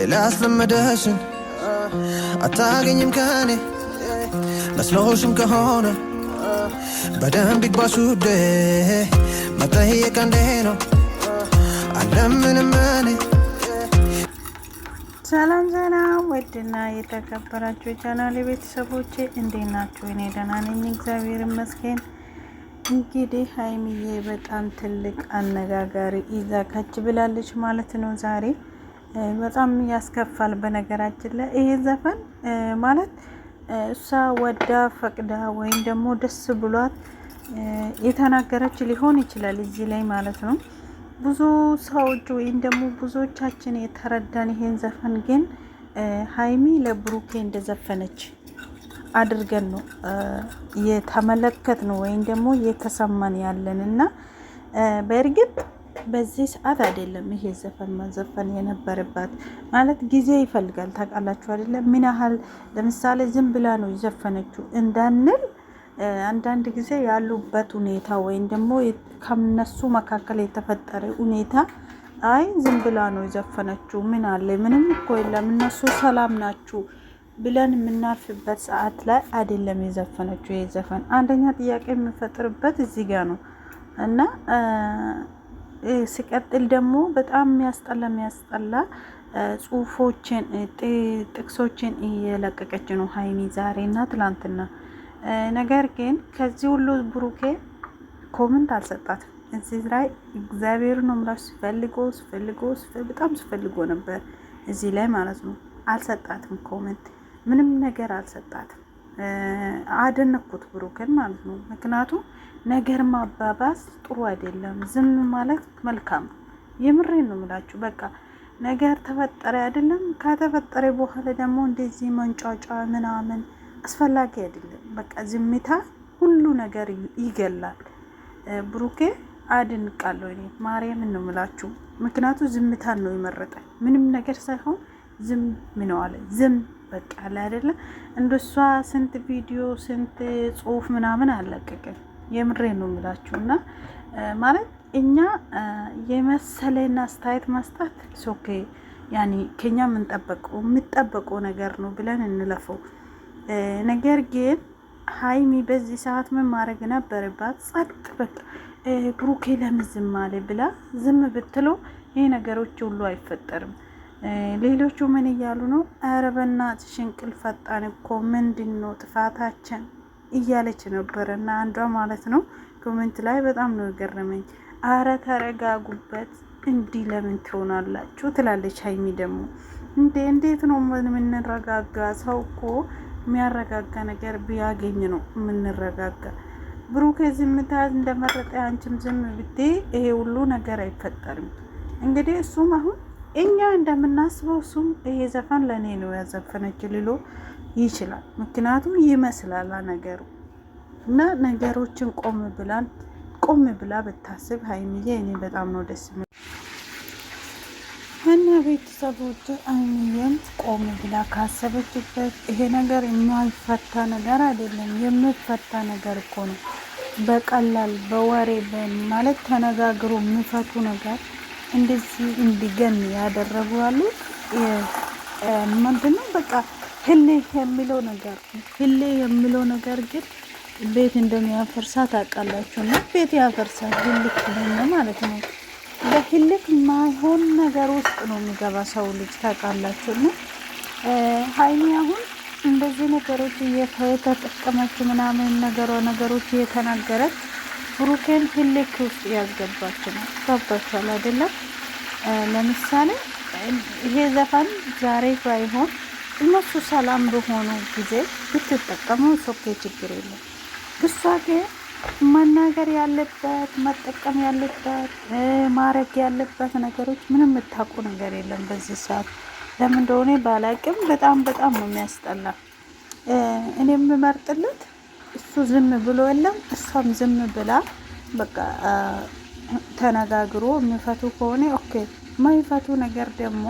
ሌላ አስለመደሽን አታገኝም ከኔ መስሎሽም ከሆነ በደንብ ይግባሽ ውዴ መጠየቅ እንዴ ነው አለምንም እኔ ሰላም ዘና ውድና የተከበራችሁ የቻናሌ ቤተሰቦቼ እንዴት ናችሁ? እኔ ደህና ነኝ፣ እግዚአብሔር ይመስገን። እንግዲህ ሀይሚዬ በጣም ትልቅ አነጋጋሪ ይዛ ከች ብላለች ማለት ነው ዛሬ በጣም ያስከፋል። በነገራችን ላይ ይሄ ዘፈን ማለት እሷ ወዳ ፈቅዳ ወይም ደግሞ ደስ ብሏት የተናገረች ሊሆን ይችላል እዚህ ላይ ማለት ነው። ብዙ ሰዎች ወይም ደግሞ ብዙዎቻችን የተረዳን ይሄን ዘፈን ግን ሀይሚ ለብሩኬ እንደዘፈነች አድርገን ነው የተመለከት ነው ወይም ደግሞ የተሰማን ያለን እና በእርግጥ በዚህ ሰዓት አይደለም ይሄ ዘፈን መዘፈን የነበረባት። ማለት ጊዜ ይፈልጋል ታውቃላችሁ አይደለም? ምን ያህል ለምሳሌ ዝም ብላ ነው ዘፈነችው እንዳንል አንዳንድ ጊዜ ያሉበት ሁኔታ ወይም ደግሞ ከነሱ መካከል የተፈጠረ ሁኔታ አይ ዝም ብላ ነው የዘፈነችው፣ ምን አለ ምንም እኮ የለም እነሱ ሰላም ናችሁ ብለን የምናልፍበት ሰዓት ላይ አይደለም የዘፈነችው። ይሄ ዘፈን አንደኛ ጥያቄ የሚፈጥርበት እዚህ ጋ ነው እና ሲቀጥል ደግሞ በጣም የሚያስጠላ የሚያስጠላ ጽሁፎችን ጥቅሶችን እየለቀቀች ነው ሀይሚ ዛሬና ትላንትና። ነገር ግን ከዚህ ሁሉ ብሩኬ ኮመንት አልሰጣትም። እዚህ ላይ እግዚአብሔር ነው ምላሽ ሲፈልጎ ሲፈልጎ በጣም ሲፈልጎ ነበር እዚህ ላይ ማለት ነው። አልሰጣትም ኮመንት ምንም ነገር አልሰጣትም። አደነኩት ብሩክን ማለት ነው። ምክንያቱም ነገር ማባባስ ጥሩ አይደለም፣ ዝም ማለት መልካም ነው። የምሬን ነው የምላችሁ። በቃ ነገር ተፈጠረ አይደለም፣ ከተፈጠረ በኋላ ደግሞ እንደዚህ መንጫጫ ምናምን አስፈላጊ አይደለም። በቃ ዝምታ ሁሉ ነገር ይገላል። ብሩኬ አድንቃለሁ እኔ ማርያምን ነው የምላችሁ። ምክንያቱ ዝምታን ነው የመረጠ ምንም ነገር ሳይሆን ዝም ምነዋለ ዝም በቃ አለ አይደለ እንደሷ ስንት ቪዲዮ ስንት ጽሁፍ ምናምን አለቀቅ የምሬ ነው የምላችሁ እና ማለት እኛ የመሰለና አስተያየት መስጠት ሶኬ ያኒ ከኛ የምንጠበቀው የምጠበቀው ነገር ነው ብለን እንለፈው። ነገር ግን ሀይሚ በዚህ ሰዓት ምን ማድረግ ነበረባት? ጸጥ በቃ ብሩኬ ለምን ዝም አለ ብላ ዝም ብትለው ይሄ ነገሮች ሁሉ አይፈጠርም። ሌሎቹ ምን እያሉ ነው? ኧረ በእናትሽ እንቅልፍ ፈጣን እኮ ምንድን ነው ጥፋታችን እያለች ነበረ እና አንዷ ማለት ነው ኮሜንት ላይ በጣም ነው የገረመኝ። አረ ተረጋጉበት፣ እንዲህ ለምን ትሆናላችሁ ትላለች ሀይሚ ደግሞ እንዴ እንዴት ነው የምንረጋጋ? ሰው እኮ የሚያረጋጋ ነገር ቢያገኝ ነው የምንረጋጋ። ብሩክ ዝምታ እንደመረጠ አንችም ዝም ብቴ ይሄ ሁሉ ነገር አይፈጠርም። እንግዲህ እሱም አሁን እኛ እንደምናስበው እሱም ይሄ ዘፈን ለእኔ ነው ያዘፈነች ሊሎ ይችላል። ምክንያቱም ይመስላል ነገሩ እና ነገሮችን ቆም ብላን ቆም ብላ ብታስብ ሀይሚዬ፣ እኔ በጣም ነው ደስ እና ቤተሰቦች ሀይሚዬም ቆም ብላ ካሰበችበት ይሄ ነገር የማይፈታ ነገር አይደለም። የምፈታ ነገር እኮ ነው። በቀላል በወሬ ማለት ተነጋግሮ የሚፈቱ ነገር እንደዚህ እንዲገን ያደረጉ አሉ። ምንድነው በቃ ህሌ የሚለው ነገር ህሌ የሚለው ነገር ግን ቤት እንደሚያፈርሳ አውቃላችሁ። እና ቤት ያፈርሳ ህልክ ለነ ማለት ነው። በህልክ ማይሆን ነገር ውስጥ ነው የሚገባ ሰው ልጅ ታውቃላችሁ። እና ሀይሚ አሁን እንደዚህ ነገሮች እየተጠቀመች ምናምን ነገሯ ነገሮች እየተናገረች ብሩኬን ህልክ ውስጥ ያስገባችሁ ነው። ገባችኋል አይደለም? ለምሳሌ ይሄ ዘፈን ዛሬ ባይሆን እነሱ ሰላም በሆኑ ጊዜ ብትጠቀሙ ሶኬ ችግር የለም። እሷ ግን መናገር ያለበት መጠቀም ያለበት ማረግ ያለበት ነገሮች ምንም የምታውቁ ነገር የለም በዚህ ሰዓት። ለምን እንደሆነ ባላቅም በጣም በጣም ነው የሚያስጠላ። እኔ የምመርጥለት እሱ ዝም ብሎ የለም እሷም ዝም ብላ በቃ ተነጋግሮ የሚፈቱ ከሆነ ኦኬ፣ ማይፈቱ ነገር ደግሞ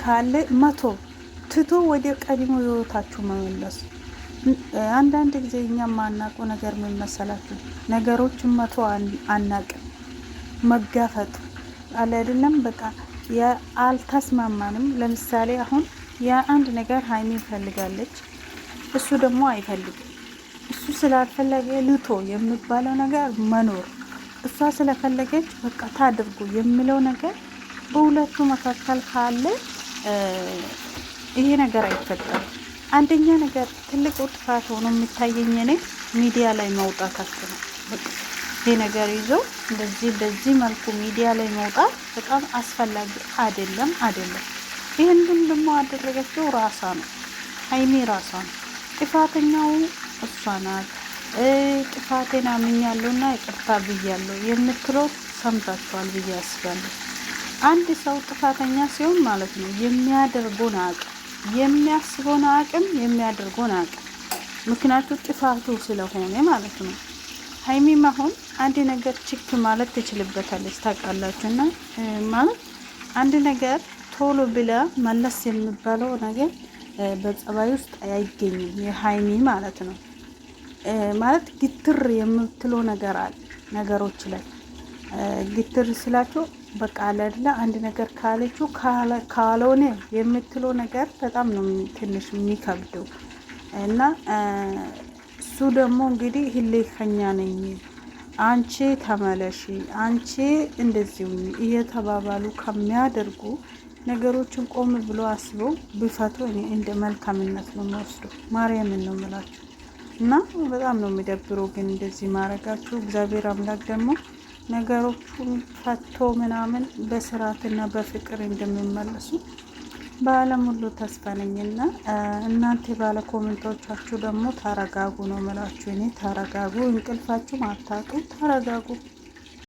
ካለ መቶ ትቶ ወደ ቀድሞ ህይወታችሁ መመለሱ። አንዳንድ ጊዜ እኛ ማናቁ ነገር ምን መሰላችሁ? ነገሮችን መቶ አናቅም መጋፈጡ አለ አይደለም። በቃ አልተስማማንም። ለምሳሌ አሁን የአንድ ነገር ሀይሚ ይፈልጋለች፣ እሱ ደግሞ አይፈልግም እሱ ስላልፈለገ ልቶ የሚባለው ነገር መኖር እሷ ስለፈለገች በቃ ታድርጉ የሚለው ነገር በሁለቱ መካከል ካለ ይሄ ነገር አይፈጠርም። አንደኛ ነገር ትልቁ ጥፋት ሆኖ የሚታየኝ እኔ ሚዲያ ላይ መውጣታችሁ ነው። ይሄ ነገር ይዞ እንደዚህ በዚህ መልኩ ሚዲያ ላይ መውጣት በጣም አስፈላጊ አይደለም አይደለም። ይህንን ደግሞ አደረገችው ራሷ ነው ሀይሚ ራሷ ነው ጥፋተኛው እሷ ናት። ጥፋቴን አምኛለሁ እና ይቅርታ ብያለሁ የምትለው ሰምታችኋል ብዬ አስባለሁ። አንድ ሰው ጥፋተኛ ሲሆን ማለት ነው የሚያደርገውን አቅም የሚያስበውን አቅም የሚያደርገውን አቅም ምክንያቱ ጥፋቱ ስለሆነ ማለት ነው። ሀይሚም አሁን አንድ ነገር ችክ ማለት ትችልበታለች ታውቃላችሁ። እና ማለት አንድ ነገር ቶሎ ብላ መለስ የሚባለው ነገር በጸባይ ውስጥ አይገኝም የሀይሚ ማለት ነው። ማለት ግትር የምትለው ነገር አለ። ነገሮች ላይ ግትር ስላቸው በቃ አለ አንድ ነገር ካለችው ካልሆነ የምትለው ነገር በጣም ነው ትንሽ የሚከብደው እና እሱ ደግሞ እንግዲህ ህሌከኛ ነኝ አንቺ ተመለሺ፣ አንቺ እንደዚሁ እየተባባሉ ከሚያደርጉ ነገሮችን ቆም ብሎ አስበው ብፈቶ እኔ እንደ መልካምነት ነው የሚወስዱ። ማርያምን ነው የምላችሁ። እና በጣም ነው የሚደብረው። ግን እንደዚህ ማድረጋችሁ እግዚአብሔር አምላክ ደግሞ ነገሮቹን ፈቶ ምናምን በስርዓትና በፍቅር እንደሚመለሱ በዓለም ሁሉ ተስፋ እና እናንተ ባለ ኮሜንቶቻችሁ ደግሞ ተረጋጉ ነው ምላችሁ። እኔ ተረጋጉ፣ እንቅልፋችሁም አታጡ፣ ተረጋጉ።